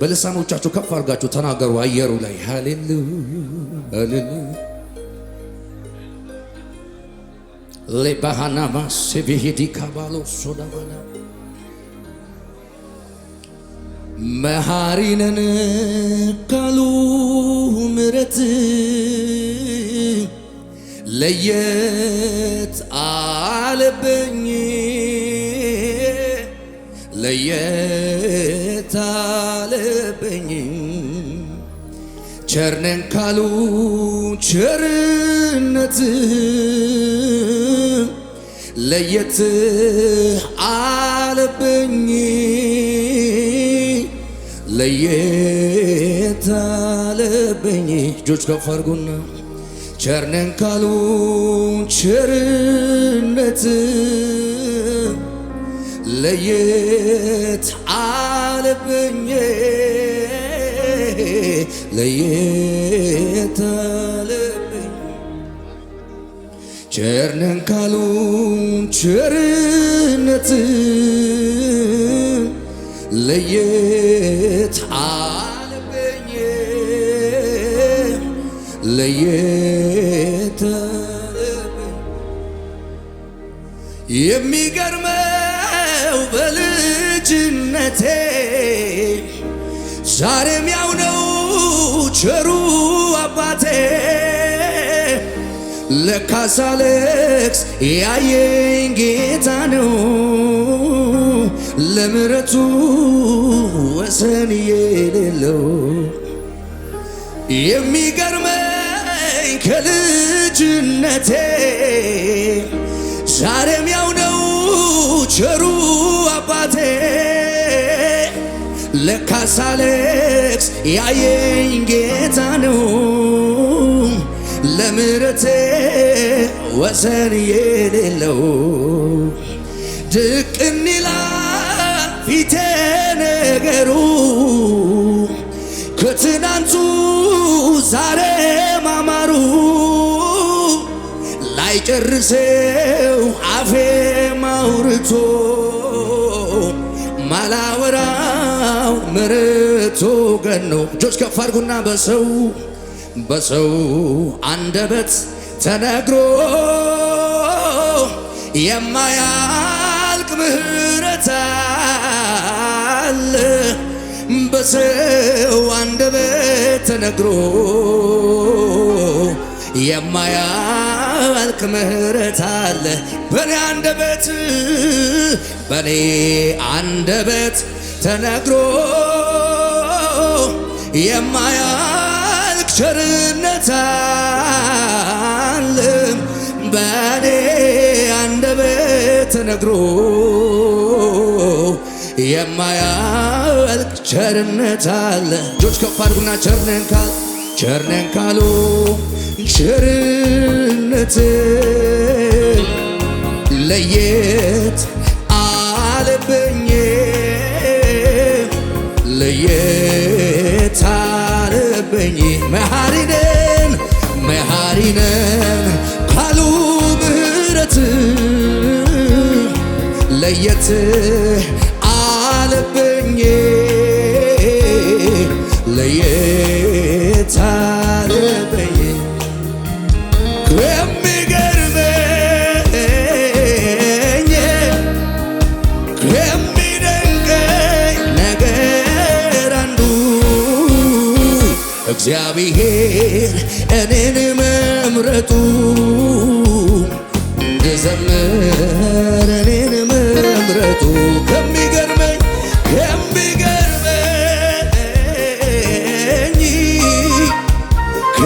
በልሳኖቻችሁ ከፍ አድርጋችሁ ተናገሩ። አየሩ ላይ ሃሌሉ ሃሌሉ ሌባሃናማ ሴቪሂዲ ካባሎ ሶዳማና መሐሪነን ካሉ ምረት ለየት አለበኝ ለየ ቸርነን ካሉ ቸርነት ለየት አለብኝ ለየት አለብኝ እጆች ከፍ አድርጉና ቸርነን ካሉ ቸርነት ለየት አለብኝ ለየት ለየታለብኝ ቸርነን ካሉ ቸርነት ለየት አለብኝ ለየት አለብኝ የሚገርመው በልጅነቴ ዛሬም ያው ነው ቸሩ አባቴ ለካስ ሳለቅስ ያየኝ ጌታ ነው። ለምረቱ ወሰን የሌለው የሚገርመኝ ከልጅነቴ ዛሬም ያው ነው ቸሩ አባቴ ለካስ ሳለቅስ ያየኝ ጌታ ነው። ለምሕረቴ ወሰን የሌለው ድቅን ይላል ፊቴ ነገሩ ከትናንቱ ዛሬ ማማሩ ላይጨርሰው አፌ ማውርቶ ገን ገኖ እጆች ከፍ አድርጉና በሰው በሰው አንደበት ተነግሮ የማያልቅ ምህረት አለ በሰው አንደበት ተነግሮ የማያልቅ ምህረት አለ በኔ አንደበት በኔ አንደበት ተነግሮ የማያልቅ ቸርነት አለ በኔ አንደበት ተነግሮ የማያልቅ ቸርነት አለ። እጆች ከፍ አድርጉና ቸርነን ካል ቸርነን ካሉ ቸርነት ለየት አለብኝ ለየት ሳልብኝ መሐሪነን መሐሪነን ካሉ ምህረት ለየት አለብኝ ለየት እግዚአብሔር እኔን መምረጡ እንድዘምር እኔን መምረጡ ከሚገርመኝ ከሚገርመኝ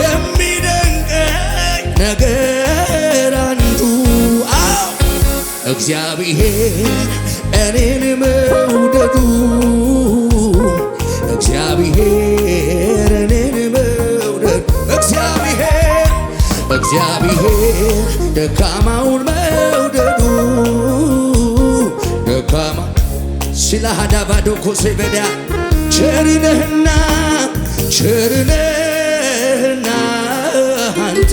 ከሚደንቀኝ ነገር አንዱ እግዚአብሔር እኔን እግዚአብሔር ደካማውን መውደዱ ደካማ ሲላ ሀዳባዶ ኮሴ በዳ ቸርነህና ቸርነህና አንተ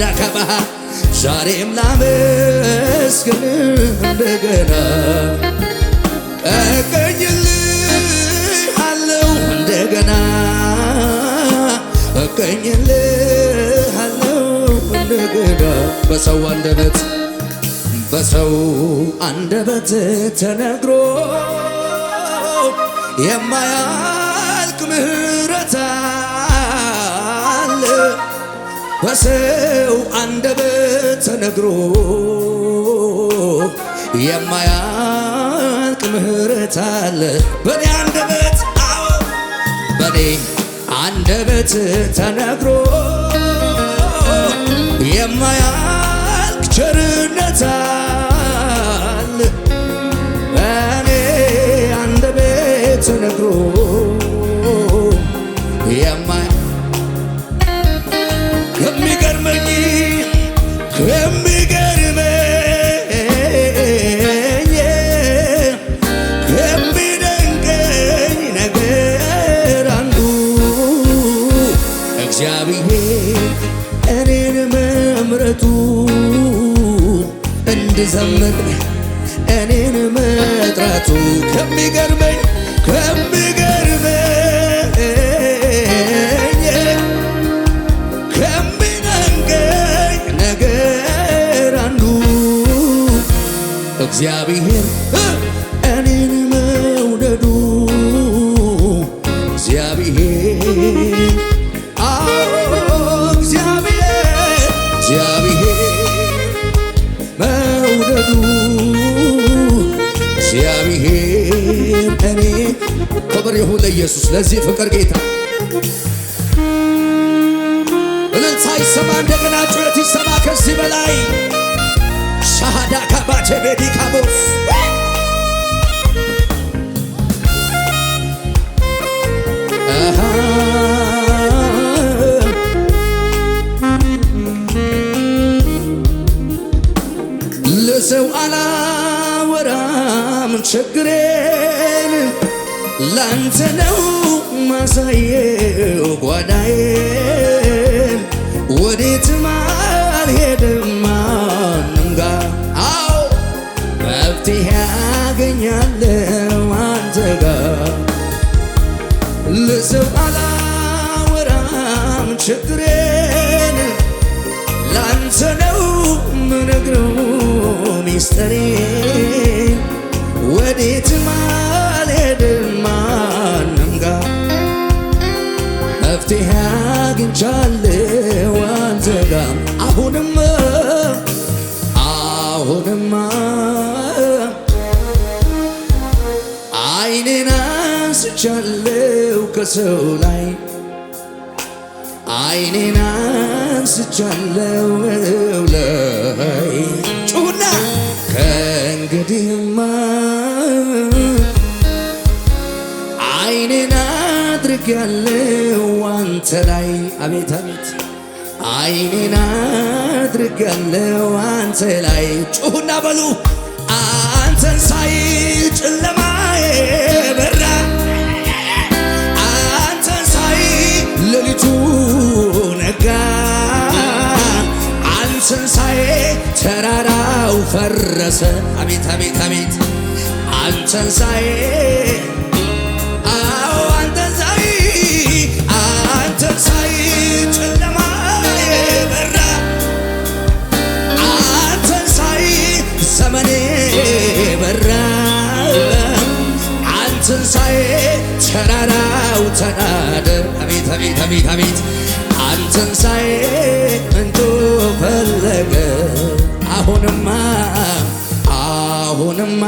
ባዳ ከባህር ዛሬም ላመስግን እንደገና እቀኝልሃለው እንደገና እቀኝልሃለው እንደገና በሰው አንደበት በሰው አንደበት ተነግሮ የማያ በሰው አንደበት ተነግሮ የማያልቅ ምህረት አለ በኔ አንደበት አዎ በኔ አንደበት ተነግሮ የማያልቅ ቸርነት አለ በኔ አንደበት ተነግሮ እግዚአብሔር እኔን መምረቱ እንድዘምር እኔን መጥራቱ ከሚገርመኝ ከሚገርመኝ ከሚደንቀኝ ነገር አንዱ እግዚአብሔር ኢየሱስ ለዚህ ፍቅር ጌታ እልልታ ይሰማ፣ እንደገና ጩኸት ይሰማ ከዚህ በላይ ሻሃዳ ካባቼ ቤዲ ካቦስ ለሰው አላወራም ችግሬ ላንተ ነው ማሳየው ጓዳዬ ወዴት አንስቻለው ከሰው ላይ አይኔን አንስቻለው ላይ ጩና ከእንግዲህማ አይኔን አድርጌያለው አንተ ላይ አቤት አቤት አይኔን አድርጌያለው አንተ ላይ ጩሁና በሉ አንተን ሳይ ጨለማ በትንሣኤ ተራራው ፈረሰ። አቤት አቤት አቤት አንተን ሳይ ሳይ አንተን ሳይ ሳይ ዘመኔ በራ አንተን ሳይ ተራራው ተናደ አቤት አቤት አቤት አቤት አንተን ፈለገ አሁንማ አሁንማ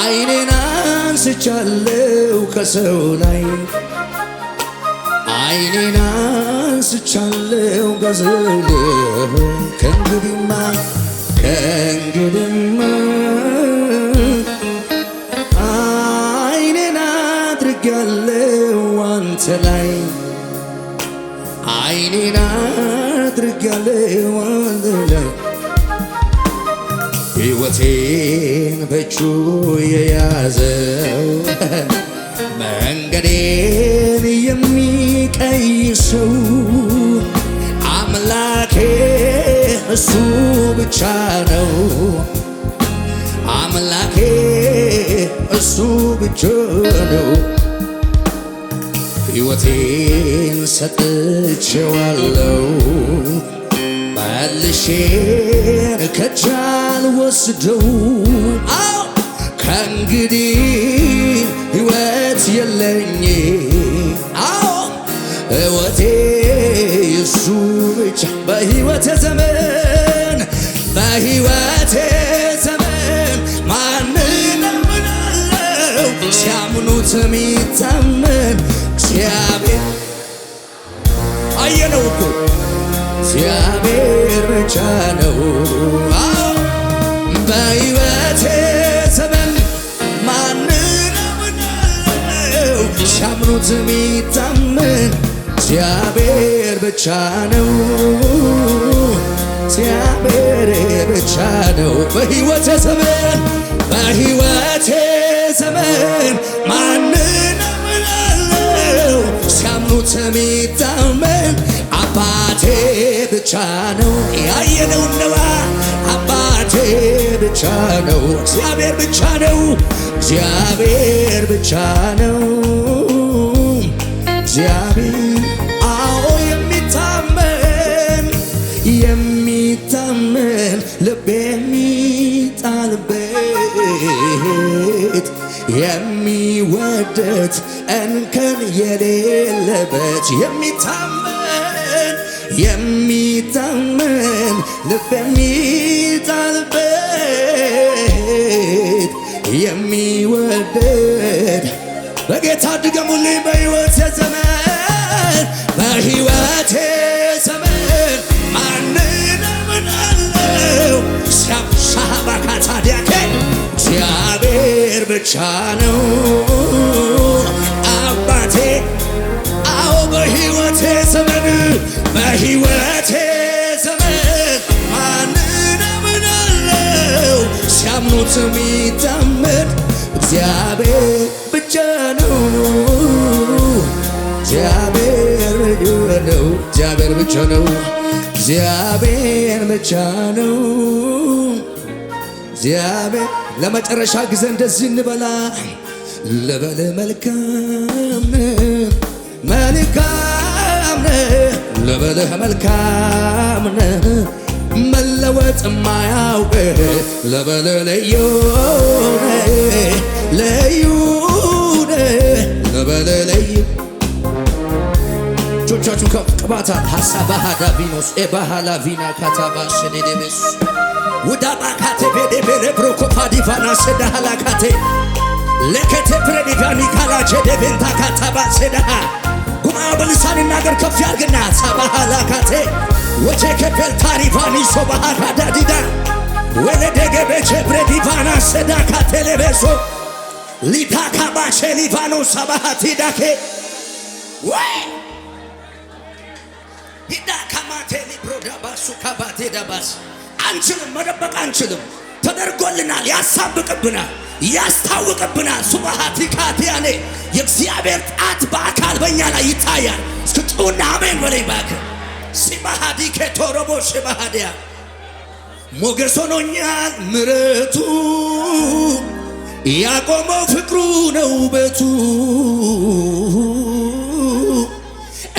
አይኔን አንስቻለው ከሰው ላይ አይኔን አንስቻለው ከሰው ከእንግዲማ ከእንግዲማ አይኔን አድርጌያለው አንተ ላይ አይኔን አድርጌያለሁ አንተ ላይ ሕይወቴን በእጁ የያዘው መንገዴን የሚቀይሰው አምላኬ እሱ ብቻ ነው አምላኬ እሱ ብቻ ነው። ሕይወቴን ሰጥቼዋለው መልሼን ከቻል ወስደው ከእንግዲህ ሕይወት የለኝ አዎ ሕይወቴ የሱ ብቻ በሕይወቴ ዘመን በሕይወቴ ዘመን ማንን እለምናለው ሲያምኑት የሚታመን ነው እኮ እግዚአብሔር ብቻ ነው። በሕይወቴ ዘመን ማንነው ሲያምኑት የሚታመን እግዚአብሔር ብቻ ነው። እግዚአብሔር ብቻ ነው። በሕይወቴ ዘመን በሕይወቴ ዘመን ብቻ ነው ያየነው ነባ አባቴ ብቻ ነው እግዚአብሔር ብቻ ነው እግዚአብሔር ብቻ ነው እግዚአብሔር አዎ የሚታመን የሚታመን ልብ የሚጣልበት የሚወደት እንከን የሌለበት የሚታመን የሚታመን ልብ የሚጣልበት የሚወደድ በጌታ ድገሙልኝ በሕይወቴ ዘመን በሕይወቴ ዘመን ማንን እምናለው? ሻባካታ ዲያከ እግዚአብሔር ብቻ ነው አባቴ አዎ በሕይወቴ ዘመን በሕይወቴ ዘመን ማንን አምናለው? ሲያምኑት የሚታመን እግዚአብሔር ብቻ ነው። እግዚአብሔር ነው። እግዚአብሔር ብቻ ነው። እግዚአብሔር ብቻ ነው። እግዚአብሔር ለመጨረሻ ጊዜ እንደዚህ እንበላ ልበል መልካም መልካም ልበልህ መልካም ነህ መለወጥ ማያውቅ ልበልህ ልዩ ነህ ልዩ ነህ ልበልህ ልዩ እጆቻችሁ ከፍ ሀሳ ባህዳ ቪኖስ ኤባህላ ቪና ካታባ ሽኔዴቤስ ውዳባ ካቴ ቤዴቤሌ ብሮኮፓዲ ቫና ካቴ ለከቴ ፕሬዲጋኒ ካላቼ ደቤንታ ካታባ ሴዳሃ ቁማ በልሳን ይናገር ከፍ ያርግና ሳባሃላካቴ ወቼ ከፔል ታሪፋኒ ሶባሃ ዳዲዳ ወለደገቤ ቸብረ ዲቫና ሰዳ ካቴሌቤሶ ሊታካባሼ ሊቫኖ ቲዳኬ ወይ ሂዳ ካማቴ ካባቴ ዳባስ አንችልም፣ መደበቅ አንችልም። ተደርጎልናል፣ ያሳብቅብናል ያስታውቅብናል። ካቲያኔ የእግዚአብሔር ጣት በአካል በእኛ ላይ ይታያል። እስክጥሩና አሜን በለይ ባክ ሲባሃዲ ከቶረቦ ሽባሃዲያ ሞገስ ሆኖኛል ምረቱ ያቆመው ፍቅሩ ነው ውበቱ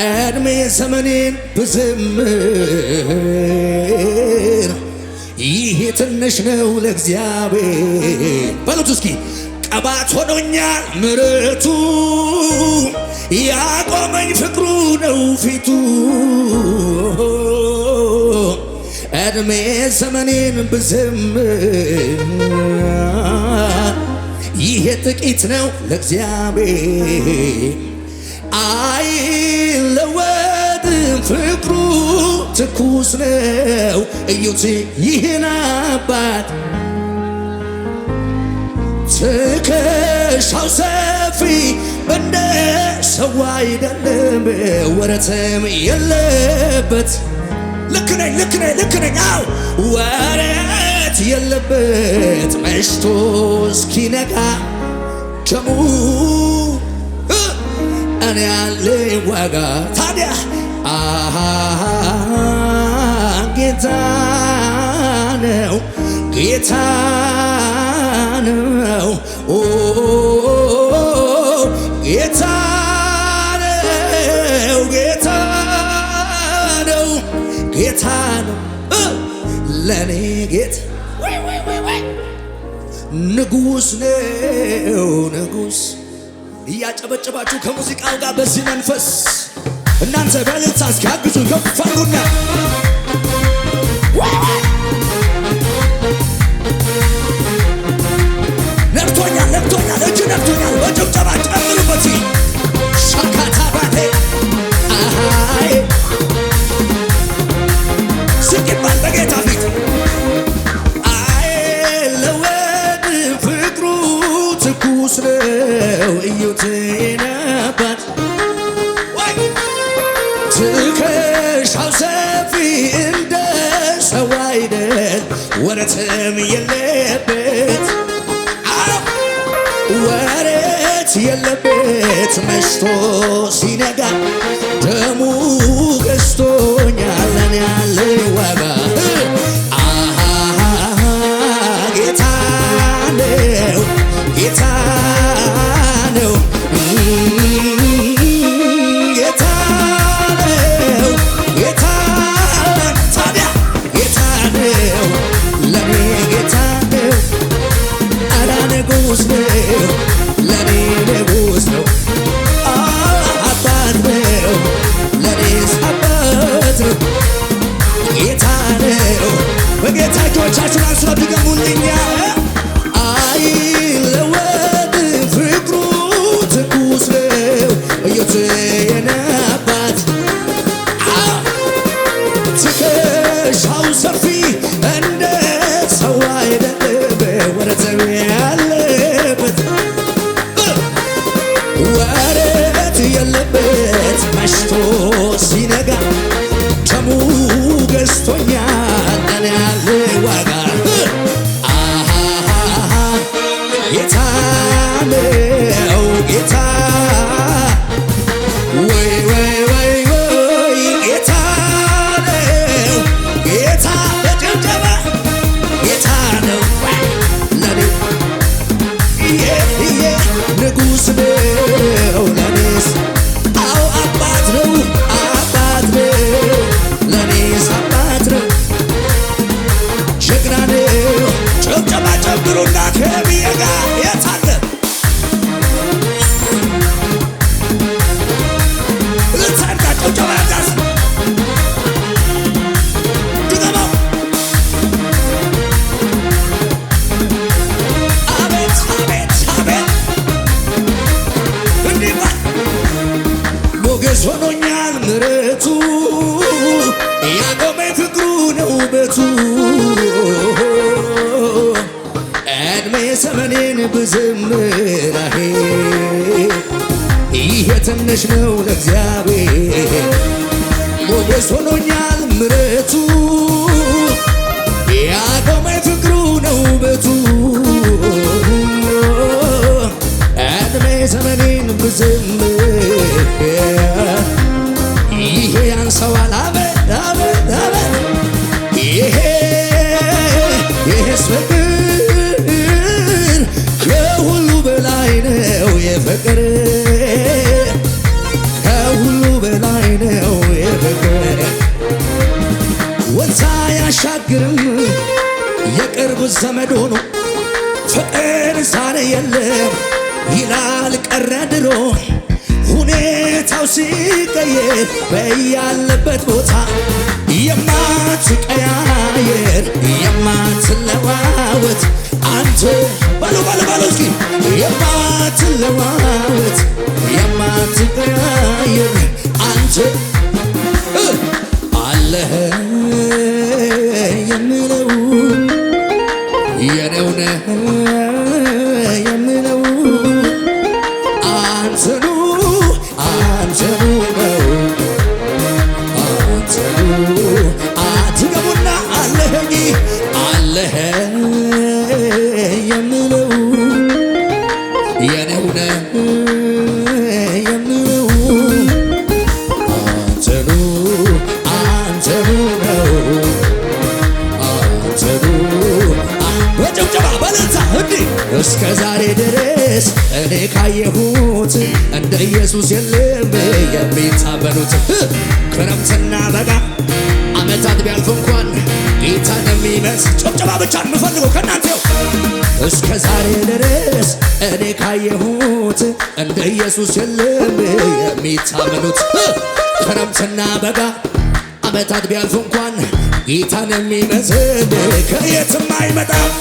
እድሜ ዘመኔን ብዝምር ትንሽ ነው ለእግዚአብሔር በሉት እስኪ ቀባት ሆኖኛል ምሕረቱ ያቆመኝ ፍቅሩ ነው ፊቱ እድሜ ዘመኔን ብዘምር ይሄ ጥቂት ነው ለእግዚአብሔር አይ ፍቅሩ ትኩስ ነው። እዩት ይህን አባት ትከሻው ሰፊ እንደ ሰው አይደለም፣ ወረትም የለበት። ልክ ነኝ ልክ ነኝ ልክ ነኝ አው ወረት የለበት። መሽቶ እስኪነጋ ጀሙ እኔ ያለኝ ዋጋ ታዲያ ጌታ ነው ጌታ ነው ጌታ ጌታ ነው ጌታ ነው ለኔ ጌታ ንጉስ ነው ንጉስ እያጨበጨባችሁ ከሙዚቃው ጋር በዚህ መንፈስ እናንተ በልልታ እስኪያግዙ ከፍ አድርጉና ነክቶኛል ነክቶኛል እጅ ነክቶኛል። በጭብጨባ ጨምሩበት። ሻካታባቴ አይ ስቂባል በጌታ ፊት ስም የለበት ወረት የለበት መሽቶ ሲነጋ ደሙ ንስሐ ምስጋኔን ብዝምራሄ ይሄ ትንሽ ነው ለእግዚአብሔር ሞገስ ሆኖኛል ምረቱ ያቆመኝ ፍቅሩ ነው ውበቱ እድሜ ዘመኔን ብዝምር ይሄ ያንሰዋል አበዳ የፍቅር ከሁሉ በላይ ነው የፍቅር ወንዝ አያሻግርም የቅርብ ዘመድ ሆኖ ፍቅር ዛሬ የለም ይላል ቀረ ድሮ ሁኔታው ሲቀየር በያለበት ቦታ የማትቀያየር የማትለዋወት አንተ በሉ በሉ በሉ እስኪ የማትለዋወጥ የማትቀያየር አንተ አለህ የምለው የኔው ነህ የምለው አንተኑ አንተኑ ነው አንተኑ አትገቡና አለህ አለህ እስከዛሬ ድረስ እኔ ካየሁት እንደ ኢየሱስ የለም የሚታመኑት። ክረምትና በጋ አመታት ቢያልፉ እንኳን ጌታን የሚመስል ከየትም አይመጣም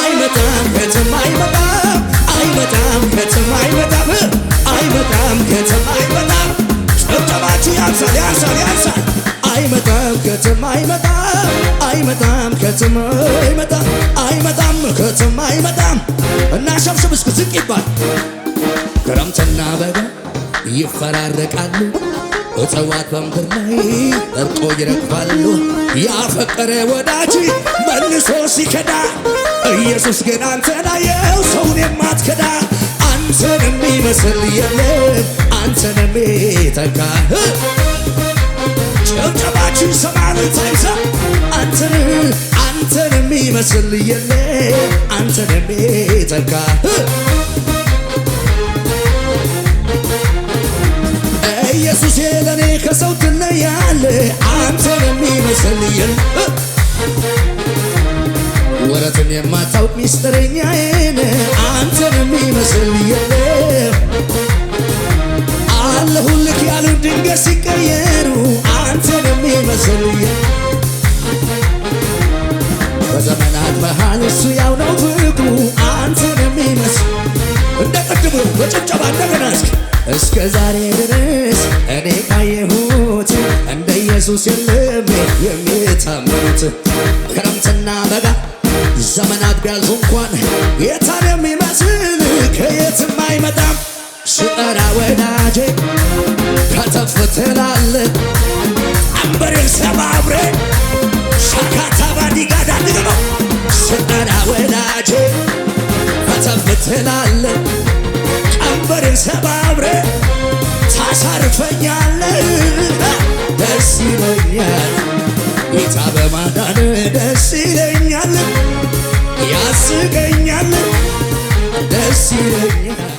አይመጣም ከየትም አይመጣም አይመጣም ከየትም አይመጣም አይመጣም ከየትም አይመጣም ጭብጨባችሁ ያንሳል ያንሳል ያንሳል አይመጣም ከትም አይመጣም አይመጣም ከትም አይመጣም አይመጣም ከትም አይመጣም እና ሸብሸብ እስክ ዝቅ ይባል ክረምትና በጋ ይፈራረቃሉ እጽዋት በምድር ላይ እርቆ ይረግፋሉ ያፈቀረ ወዳጅ መልሶ ሲከዳ ኢየሱስ ግን አንተን አየው ሰውን የማትከዳ አንተን የሚመስል የለም አንተን የሚተካ ይሰማል ታይዛ አንተን አንተን የሚመስል የለ አንተን የሚተካ ኢየሱስ ለኔ ከሰው ትለያለ አንተን የሚመስል የለ ወረትን የማታውቅ ሚስጥረኛዬን አንተን የሚመስል የለ አለሁልክ ያሉ ድንገት ሲቀየሩ አንተን የሚመስል በዘመናት መሃል እሱ ያው ነው ፍቅሩ አንተን የሚመስል እንደ ቅድሙ በጭብጨባ እንደገና እስከ ዛሬ ድረስ እኔ ካየሁት እንደ ኢየሱስ የለም የሚታምኑት ክረምትና በጋ ዘመናት ቢያልፉ እንኳን ጌታን የሚመስል ከየትም አይመጣም። ስጠራ ወዳጄ ከተፈትናለ አንበሬን ሰባብሬ ሻካታ ባዲጋዳ ንገመው ስጠራ ወዳጄ ከተፈትናለ አንበሬን ሰባብሬ ታሳርፈኛለ ደስ ይለኛል ጌታ በማዳን ደስ ይለኛል ያስገኛል ደስ ይለኛል